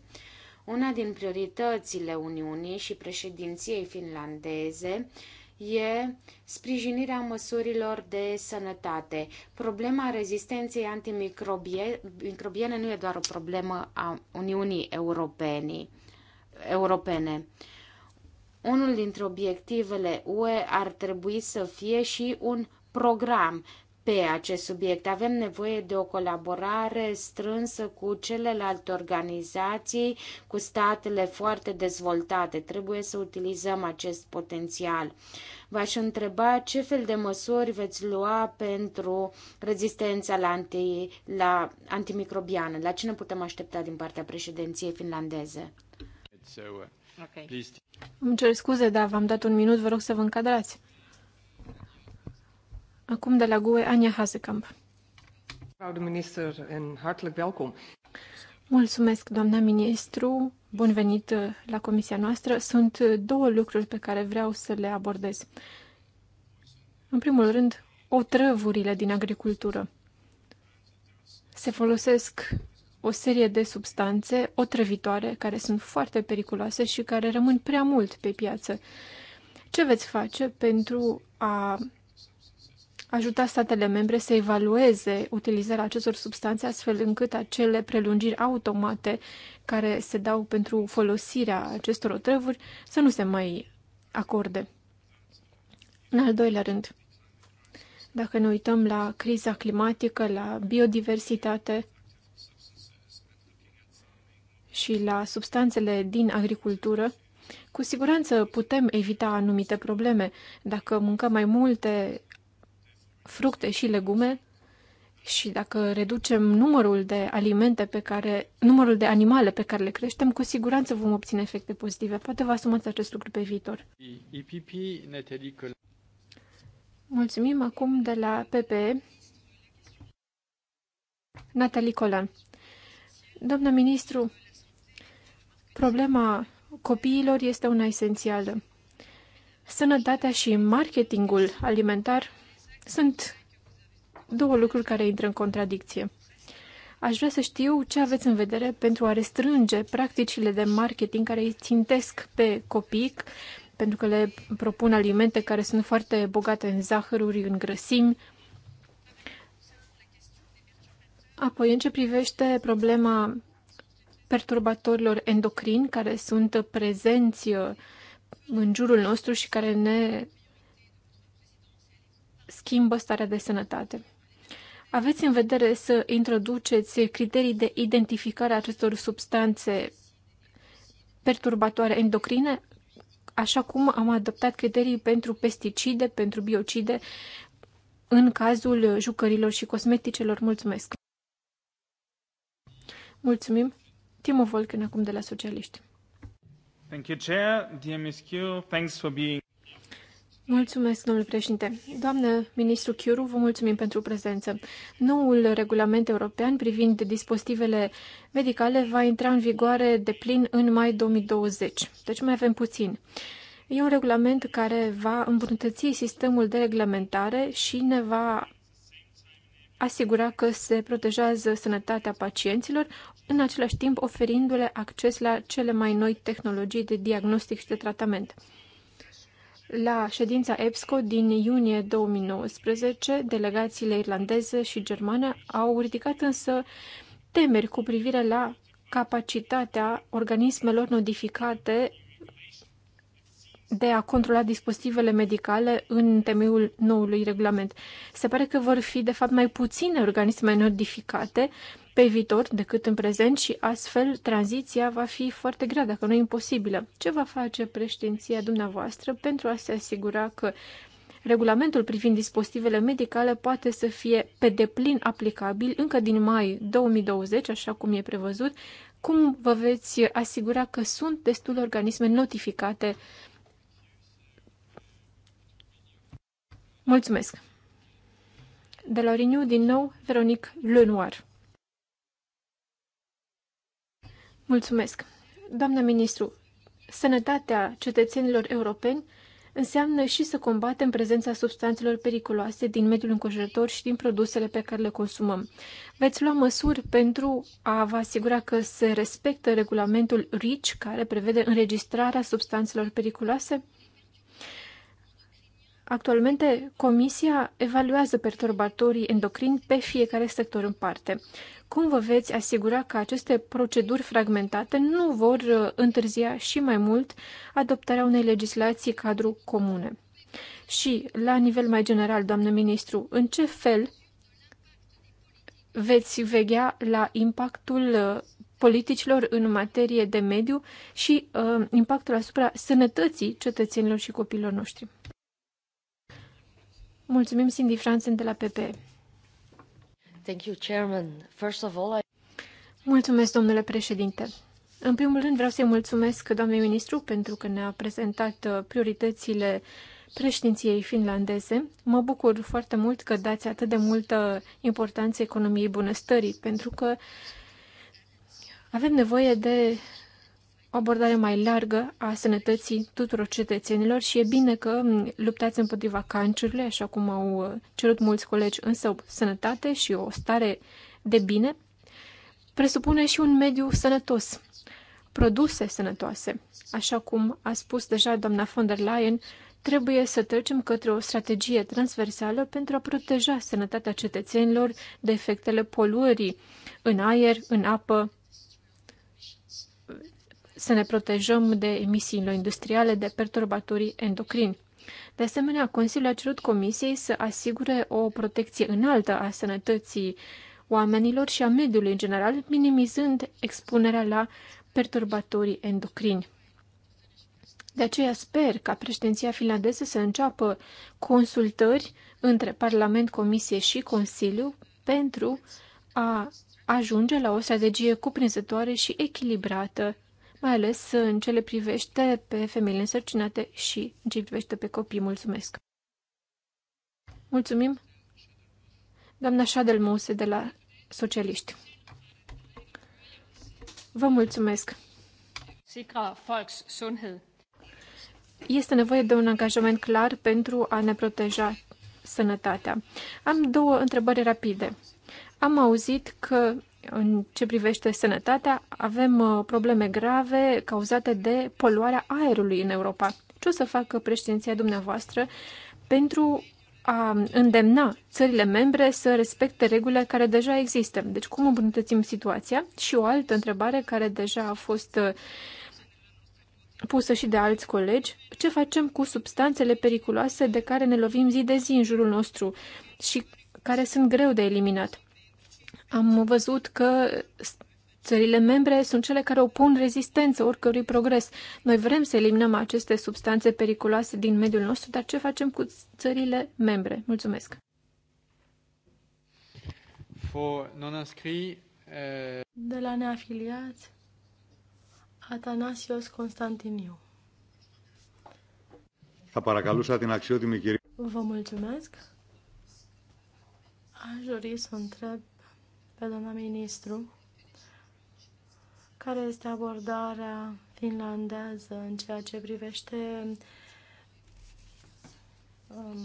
Speaker 3: Una din prioritățile Uniunii și președinției finlandeze uh, e sprijinirea măsurilor de sănătate. Problema rezistenței antimicrobiene nu e doar o problemă a Uniunii Europene. europene. Unul dintre obiectivele UE ar trebui să fie și un program pe acest subiect. Avem nevoie de o colaborare strânsă cu celelalte organizații, cu statele foarte dezvoltate. Trebuie să utilizăm acest potențial. V-aș întreba ce fel de măsuri veți lua pentru rezistența la, anti, la antimicrobiană. La ce ne putem aștepta din partea
Speaker 2: președinției finlandeze? Uh, okay. Îmi cer scuze, dar v-am dat un minut, vă rog să vă încadrați. Acum de la GUE, Ania Hazekamp.
Speaker 1: minister, en hartelijk welkom.
Speaker 2: Mulțumesc, doamna ministru. Bun venit uh, la comisia noastră. Sunt uh, două lucruri pe care vreau să le abordez. În primul rând, otrăvurile din agricultură. Se folosesc o serie de substanțe otrăvitoare care sunt foarte periculoase și care rămân prea mult pe piață. Ce veți face pentru a ajuta statele membre să evalueze utilizarea acestor substanțe astfel încât acele prelungiri automate care se dau pentru folosirea acestor otrăvuri să nu se mai acorde. În al doilea rând, dacă ne uităm la criza climatică, la biodiversitate și la substanțele din agricultură, cu siguranță putem evita anumite probleme. Dacă mâncăm mai multe fructe și legume și dacă reducem numărul de alimente pe care, numărul de animale pe care le creștem, cu siguranță vom obține efecte pozitive. Poate vă asumați acest lucru pe viitor. Mulțumim acum de la PPE. Natalie Colan. Doamna ministru, problema copiilor este una esențială. Sănătatea și marketingul alimentar sunt două lucruri care intră în contradicție. Aș vrea să știu ce aveți în vedere pentru a restrânge practicile de marketing care îi țintesc pe copii, pentru că le propun alimente care sunt foarte bogate în zahăruri, în grăsimi. Apoi, în ce privește problema perturbatorilor endocrini care sunt prezenți uh, în jurul nostru și care ne schimbă starea de sănătate. Aveți în vedere să introduceți criterii de identificare a acestor substanțe perturbatoare endocrine, așa cum am adoptat criterii pentru pesticide, pentru biocide, în cazul jucărilor și cosmeticelor. Mulțumesc! Mulțumim! Timo Volken acum de la Socialiști.
Speaker 3: Thank you, Chair. Dear Ms. Q, thanks for being...
Speaker 2: Mulțumesc, domnule președinte. Doamnă ministru Chiuru, vă mulțumim pentru prezență. Noul regulament european privind dispozitivele medicale va intra în vigoare de plin în mai 2020, deci mai avem puțin. E un regulament care va îmbunătăți sistemul de reglementare și ne va asigura că se protejează sănătatea pacienților, în același timp oferindu-le acces la cele mai noi tehnologii de diagnostic și de tratament. La ședința EPSCO din iunie 2019, delegațiile irlandeze și germane au ridicat însă temeri cu privire la capacitatea organismelor notificate de a controla dispozitivele medicale în temeiul noului regulament. Se pare că vor fi, de fapt, mai puține organisme notificate pe viitor decât în prezent și astfel tranziția va fi foarte grea, dacă nu imposibilă. Ce va face președinția dumneavoastră pentru a se asigura că regulamentul privind dispozitivele medicale poate să fie pe deplin aplicabil încă din mai 2020, așa cum e prevăzut, cum vă veți asigura că sunt destul organisme notificate? Mulțumesc! De la Renew, din nou, Veronic Lenoir. Mulțumesc. Doamna ministru, sănătatea cetățenilor europeni înseamnă și să combatem prezența substanțelor periculoase din mediul înconjurător și din produsele pe care le consumăm. Veți lua măsuri pentru a vă asigura că se respectă regulamentul RICH, care prevede înregistrarea substanțelor periculoase? Actualmente, Comisia evaluează perturbatorii endocrini pe fiecare sector în parte. Cum vă veți asigura că aceste proceduri fragmentate nu vor uh, întârzia și mai mult adoptarea unei legislații cadru comune? Și, la nivel mai general, doamnă ministru, în ce fel veți veghea la impactul uh, politicilor în materie de mediu și uh, impactul asupra sănătății cetățenilor și copiilor noștri? Mulțumim, Cindy Franzen de la PPE. Mulțumesc, domnule președinte. În primul rând vreau să-i mulțumesc doamnei ministru pentru că ne-a prezentat uh, prioritățile președinției finlandeze. Mă bucur foarte mult că dați atât de multă importanță economiei bunăstării, pentru că avem nevoie de o abordare mai largă a sănătății tuturor cetățenilor și e bine că luptați împotriva cancerului, așa cum au uh, cerut mulți colegi, însă o sănătate și o stare de bine presupune și un mediu sănătos, produse sănătoase. Așa cum a spus deja doamna von der Leyen, trebuie să trecem către o strategie transversală pentru a proteja sănătatea cetățenilor de efectele poluării în aer, în apă, să ne protejăm de emisiile industriale de perturbatorii endocrini. De asemenea, Consiliul a cerut Comisiei să asigure o protecție înaltă a sănătății oamenilor și a mediului în general, minimizând expunerea la perturbatorii endocrini. De aceea sper ca președinția finlandeză să înceapă consultări între Parlament, Comisie și Consiliu pentru a ajunge la o strategie cuprinzătoare și echilibrată mai ales în ce le privește pe femeile însărcinate și în ce privește pe copii. Mulțumesc! Mulțumim! Doamna Șadelmuse de la Socialiști. Vă mulțumesc! Este nevoie de un angajament clar pentru a ne proteja sănătatea. Am două întrebări rapide. Am auzit că în ce privește sănătatea, avem uh, probleme grave cauzate de poluarea aerului în Europa. Ce o să facă președinția dumneavoastră pentru a îndemna țările membre să respecte regulile care deja există? Deci cum îmbunătățim situația? Și o altă întrebare care deja a fost uh, pusă și de alți colegi, ce facem cu substanțele periculoase de care ne lovim zi de zi în jurul nostru și care sunt greu de eliminat? Am văzut că țările membre sunt cele care opun rezistență oricărui progres. Noi vrem să eliminăm aceste substanțe periculoase din mediul nostru, dar ce facem cu țările membre? Mulțumesc! Eh,
Speaker 1: De la neafiliați, Atanasios Constantiniu. Θα παρακαλούσα την Vă mulțumesc. Aș dori să întreb pe doamna ministru care este abordarea finlandeză în ceea ce privește um,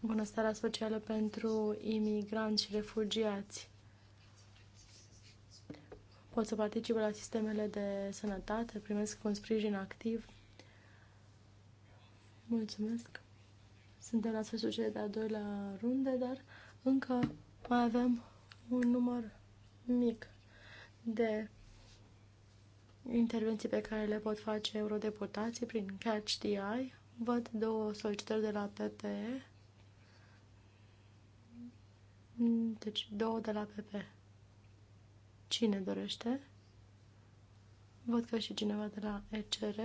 Speaker 1: bunăstarea socială pentru imigranți și refugiați. Pot să participe la sistemele de sănătate, primesc un sprijin activ. Mulțumesc. Suntem la sfârșitul de a doilea runde, dar încă mai avem un număr mic de intervenții pe care le pot face eurodeputații prin Catch the Eye. Văd două solicitări de la PPE. Deci două de la PP. Cine dorește? Văd că și cineva de la ECR,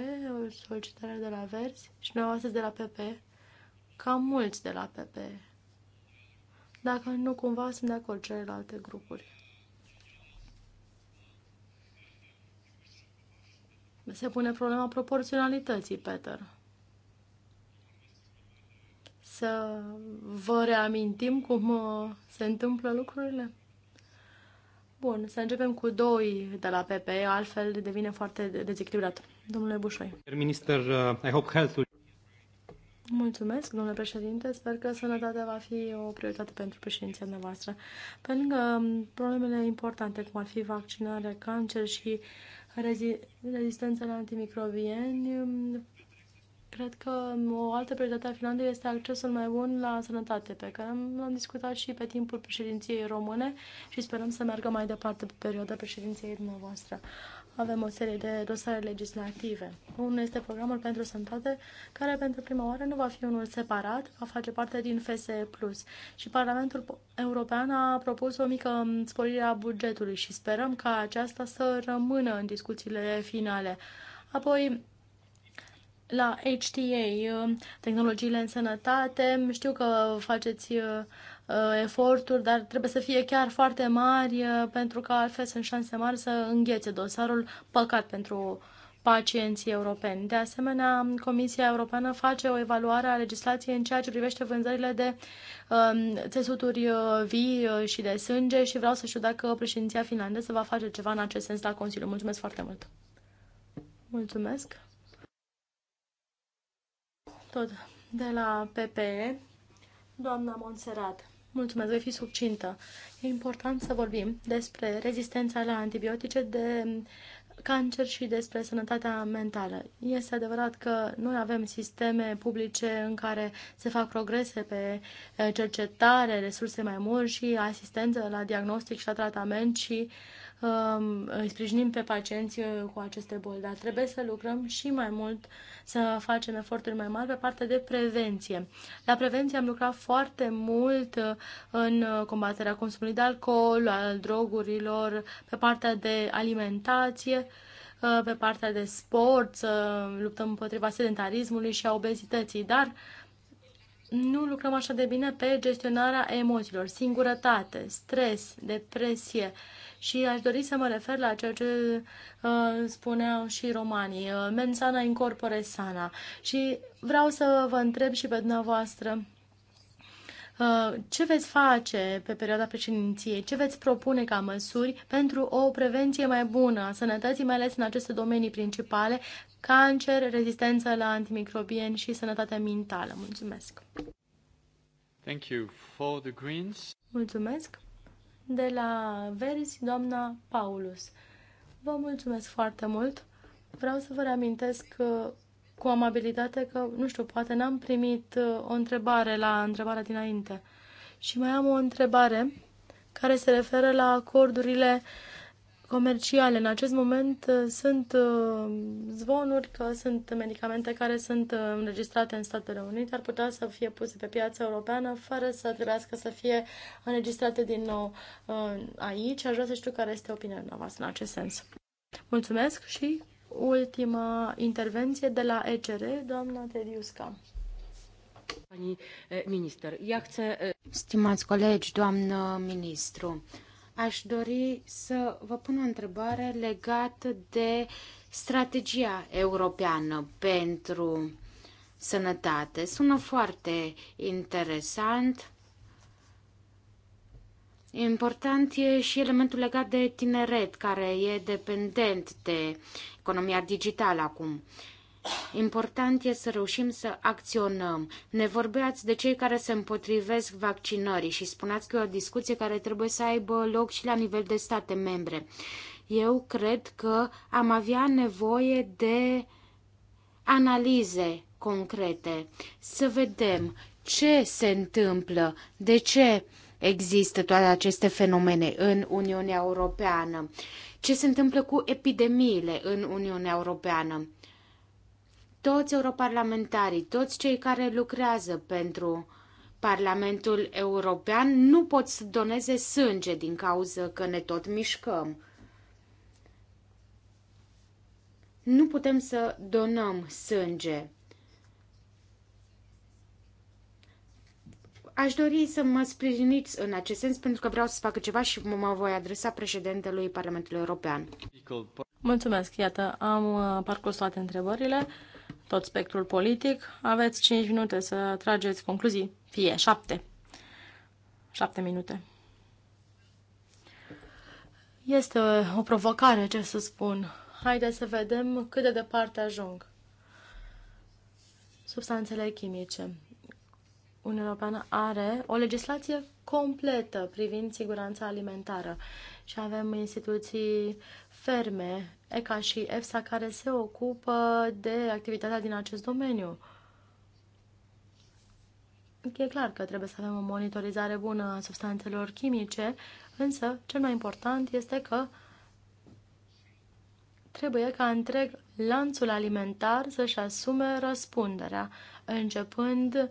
Speaker 1: o solicitare de la Verzi și noi astăzi de la PP. Cam mulți de la PP. Dacă nu, cumva sunt de acord celelalte grupuri. Se pune problema proporționalității, Peter. Să vă reamintim cum uh, se întâmplă lucrurile? Bun, să începem cu doi de la PP, altfel devine foarte dezechilibrat. Domnule Bușoi. Minister, uh, I hope health Mulțumesc, domnule președinte. Sper că sănătatea va fi o prioritate pentru președinția noastră. Pe lângă um, problemele importante, cum ar fi vaccinarea, cancer și rezistența la antimicrobieni, um, Cred că o altă prioritate a Finlandei este accesul mai bun la sănătate, pe care l-am discutat și pe timpul președinției române și sperăm să meargă mai departe pe perioada președinției dumneavoastră. Avem o serie de dosare legislative. Unul este programul pentru sănătate, care pentru prima oară nu va fi unul separat, va face parte din FSE+. Și Parlamentul European a propus o mică sporire a bugetului și sperăm ca aceasta să rămână în discuțiile finale. Apoi, la HTA, uh, tehnologiile în sănătate. Știu că faceți uh, uh, eforturi, dar trebuie să fie chiar foarte mari, pentru că altfel sunt șanse mari să înghețe dosarul păcat pentru pacienții europeni. De asemenea, Comisia Europeană face o evaluare a legislației în ceea ce privește vânzările de um, țesuturi vii și de sânge și vreau să știu dacă președinția finlandeză va face ceva în acest sens la Consiliu. Mulțumesc foarte mult! Mulțumesc! tot de la PPE, doamna Monserat. Mulțumesc, voi fi subcintă. E important să vorbim despre rezistența la antibiotice de cancer și despre sănătatea mentală. Este adevărat că noi avem sisteme publice în care se fac progrese pe eh, cercetare, resurse mai mult și asistență la diagnostic și la tratament și uh, Um, îi sprijinim pe pacienți uh, cu aceste boli, dar trebuie să lucrăm și mai mult, să facem eforturi mai mari pe partea de prevenție. La prevenție am lucrat foarte mult uh, în combaterea consumului de alcool, al drogurilor, pe partea de alimentație, uh, pe partea de sport, să luptăm împotriva sedentarismului și a obezității, dar uh, nu lucrăm așa de bine pe gestionarea emoțiilor, singurătate, stres, depresie. Și aș dori să mă refer la ceea ce uh, spuneau și romanii, uh, mensana incorpore sana. Și vreau să vă întreb și pe dumneavoastră, Uh, ce veți face pe perioada președinției, ce veți propune ca măsuri pentru o prevenție mai bună a sănătății, mai ales în aceste domenii principale, cancer, rezistență la antimicrobieni și sănătatea mentală. Mulțumesc!
Speaker 2: Thank you for the Greens.
Speaker 1: Mulțumesc! De la Verzi, doamna Paulus. Vă mulțumesc foarte mult! Vreau să vă reamintesc că cu amabilitate că, nu știu, poate n-am primit uh, o întrebare la întrebarea dinainte. Și mai am o întrebare care se referă la acordurile comerciale. În acest moment uh, sunt uh, zvonuri că sunt medicamente care sunt înregistrate în Statele Unite, ar putea să fie puse pe piața europeană fără să trebuiască să fie înregistrate din nou aici. Aș vrea să știu care este opinia noastră în acest sens. Mulțumesc și ultima intervenție de la ECR, doamna Tediusca. Minister, Stimați colegi, doamnă
Speaker 3: ministru, aș dori să vă pun o întrebare legată de strategia europeană pentru sănătate. Sună foarte interesant Important e și elementul legat de tineret, care e dependent de economia digitală acum. Important e să reușim să acționăm. Ne vorbeați de cei care se împotrivesc vaccinării și spuneați că e o discuție care trebuie să aibă loc și la nivel de state membre. Eu cred că am avea nevoie de analize concrete, să vedem ce se întâmplă, de ce există toate aceste fenomene în Uniunea Europeană. Ce se întâmplă cu epidemiile în Uniunea Europeană? Toți europarlamentarii, toți cei care lucrează pentru Parlamentul European nu pot să doneze sânge din cauza că ne tot mișcăm. Nu putem să donăm sânge Aș dori să mă sprijiniți în acest sens pentru că vreau să fac ceva și mă voi adresa președintelui Parlamentului European.
Speaker 1: Mulțumesc, iată, am uh, parcurs toate întrebările, tot spectrul politic. Aveți 5 minute să trageți concluzii, fie 7. 7 minute. Este o provocare, ce să spun. Haideți să vedem cât de departe ajung. Substanțele chimice. Uniunea Europeană are o legislație completă privind siguranța alimentară și avem instituții ferme, ECA și EFSA, care se ocupă de activitatea din acest domeniu. E clar că trebuie să avem o monitorizare bună a substanțelor chimice, însă cel mai important este că trebuie ca întreg lanțul alimentar să-și asume răspunderea, începând uh,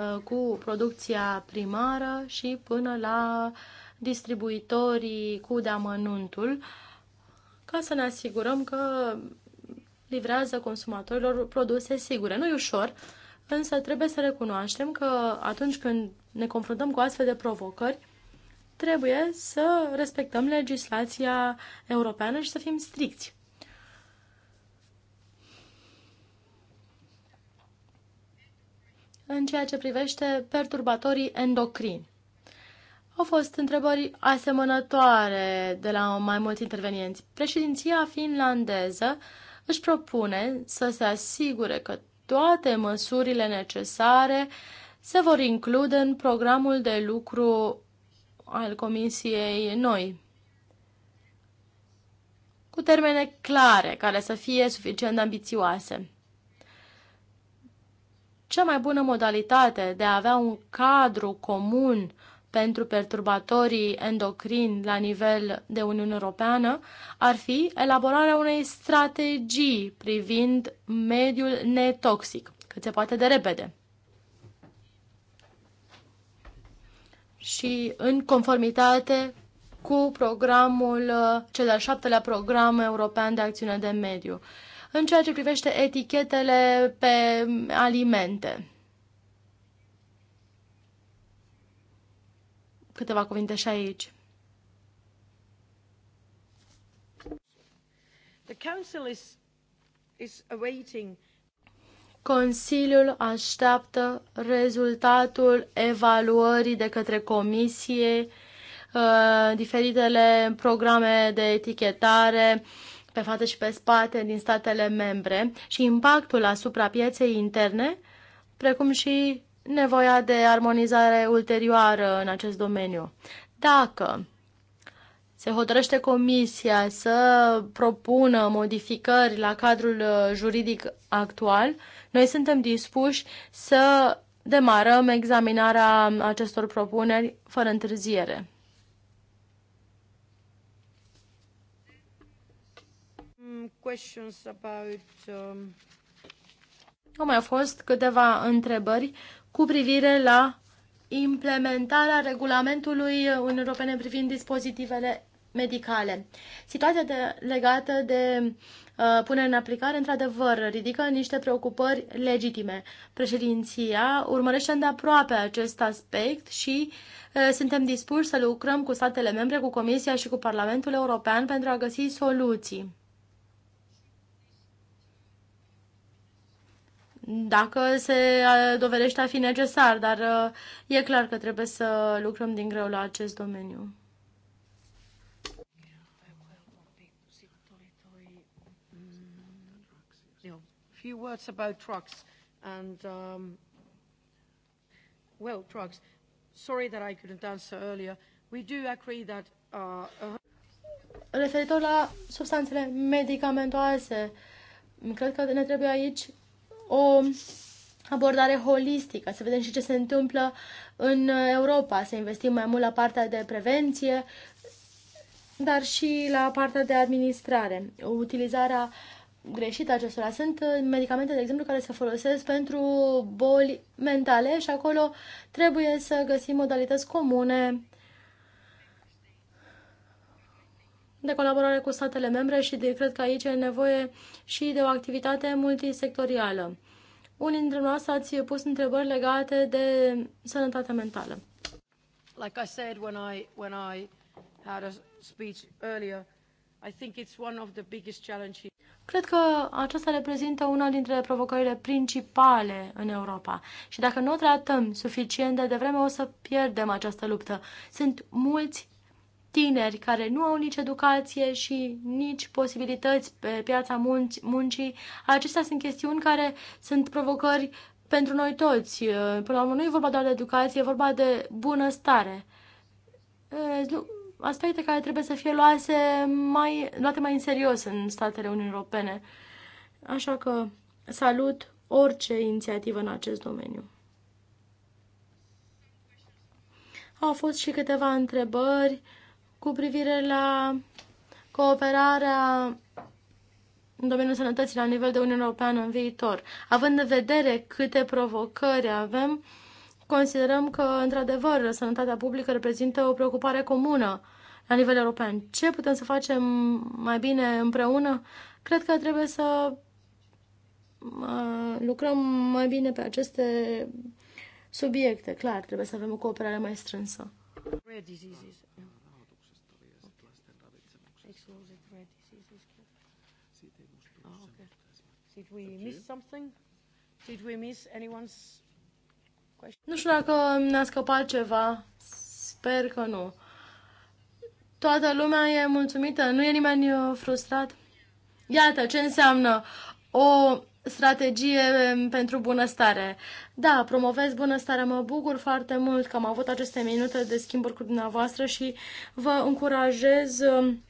Speaker 1: Uh, cu producția primară și până la distribuitorii cu deamănuntul, ca să ne asigurăm că livrează consumatorilor produse sigure. Nu e ușor, însă trebuie să recunoaștem că atunci când ne confruntăm cu astfel de provocări, trebuie să respectăm legislația europeană și să fim stricți. în ceea ce privește perturbatorii endocrini. Au fost întrebări asemănătoare de la mai mulți intervenienți. Președinția finlandeză își propune să se asigure că toate măsurile necesare se vor include în programul de lucru al Comisiei noi, cu termene clare, care să fie suficient de ambițioase. Cea mai bună modalitate de a avea un cadru comun pentru perturbatorii endocrini la nivel de Uniune Europeană ar fi elaborarea unei strategii privind mediul netoxic, cât se poate de repede. Și în conformitate cu programul, cel de-al șaptelea program european de acțiune de mediu. Uh, în ceea ce privește etichetele pe alimente. Câteva cuvinte și aici. The
Speaker 2: council is, is awaiting
Speaker 1: Consiliul așteaptă rezultatul evaluării de către comisie, uh, diferitele programe de etichetare, pe față și pe spate din statele membre și impactul asupra pieței interne, precum și nevoia de armonizare ulterioară în acest domeniu. Dacă se hotărăște comisia să propună modificări la cadrul uh, juridic actual, noi suntem dispuși să demarăm examinarea acestor propuneri fără întârziere. Um, Au mai fost câteva întrebări cu privire la implementarea regulamentului în europene privind dispozitivele medicale. Situația de, legată de uh, punere în aplicare, într-adevăr, ridică niște preocupări legitime. Președinția urmărește aproape acest aspect și uh, suntem dispuși să lucrăm cu statele membre, cu Comisia și cu Parlamentul European pentru a găsi soluții. dacă se dovedește a fi necesar, dar e clar că trebuie să lucrăm din greu la acest domeniu.
Speaker 2: few words about trucks and um, well trucks sorry that I couldn't answer earlier we do agree that uh, uh
Speaker 1: referitor la substanțele medicamentoase cred că ne trebuie aici o abordare holistică, să vedem și ce se întâmplă în Europa, să investim mai mult la partea de prevenție, dar și la partea de administrare. Utilizarea greșită acestora sunt medicamente, de exemplu, care se folosesc pentru boli mentale și acolo trebuie să găsim modalități comune de colaborare cu statele membre și de, cred că aici e nevoie și de o activitate multisectorială. Unii dintre noastre ați pus întrebări legate de sănătatea mentală.
Speaker 2: Like I said when I, when I had a speech earlier, I think it's one of the biggest challenges.
Speaker 1: Cred că aceasta reprezintă una dintre provocările principale în Europa și dacă nu o tratăm suficient de devreme o să pierdem această luptă. Sunt mulți tineri care nu au nici educație și nici posibilități pe piața muncii. Acestea sunt chestiuni care sunt provocări pentru noi toți. Uh, până la urmă, nu e vorba doar de educație, e vorba de bunăstare. Uh, aspecte care trebuie să fie luate mai, luate mai în serios în statele Uniunii Europene. Așa că salut orice inițiativă în acest domeniu. Au fost și câteva întrebări cu privire la cooperarea în domeniul sănătății la nivel de Uniune Europeană în viitor. Având în vedere câte provocări avem, considerăm că, într-adevăr, sănătatea publică reprezintă o preocupare comună la nivel european. Ce putem să facem mai bine împreună? Cred că trebuie să lucrăm mai bine pe aceste subiecte. Clar, trebuie să avem o cooperare mai strânsă. Rare diseases
Speaker 2: red. Is oh, okay. Did we miss something? Did we miss anyone's
Speaker 1: question? Nu știu dacă ne-a scăpat ceva. Sper că nu. Toată lumea e mulțumită, nu e nimeni uh, frustrat. Iată ce înseamnă o strategie um, pentru bunăstare. Da, promovez bunăstarea, mă bucur foarte mult că am avut aceste minute de schimburi cu dumneavoastră și vă încurajez um,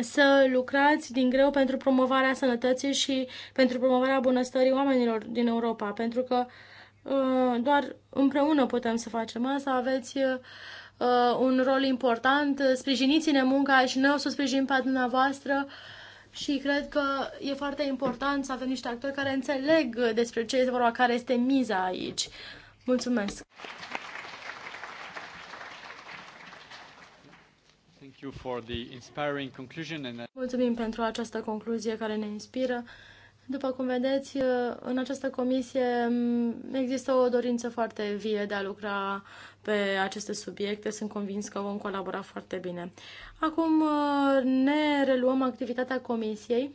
Speaker 1: să lucrați din greu pentru promovarea sănătății și pentru promovarea bunăstării oamenilor din Europa, pentru că uh, doar împreună putem să facem asta. Aveți uh, uh, un rol important, sprijiniți-ne munca și noi o să sprijinim pe dumneavoastră și cred că e foarte important să avem niște actori care înțeleg despre ce este vorba, care este miza aici. Mulțumesc!
Speaker 2: you for the inspiring conclusion and...
Speaker 1: Mulțumim pentru această concluzie care ne inspiră. După cum vedeți, în această comisie mm, există o dorință foarte vie de a lucra pe aceste subiecte. Sunt convins că vom colabora foarte bine. Acum uh, ne reluăm activitatea comisiei.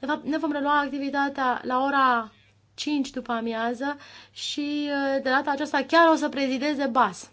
Speaker 1: De fapt, ne vom relua activitatea la ora 5 după amiază și uh, de data aceasta chiar o să prezideze BAS.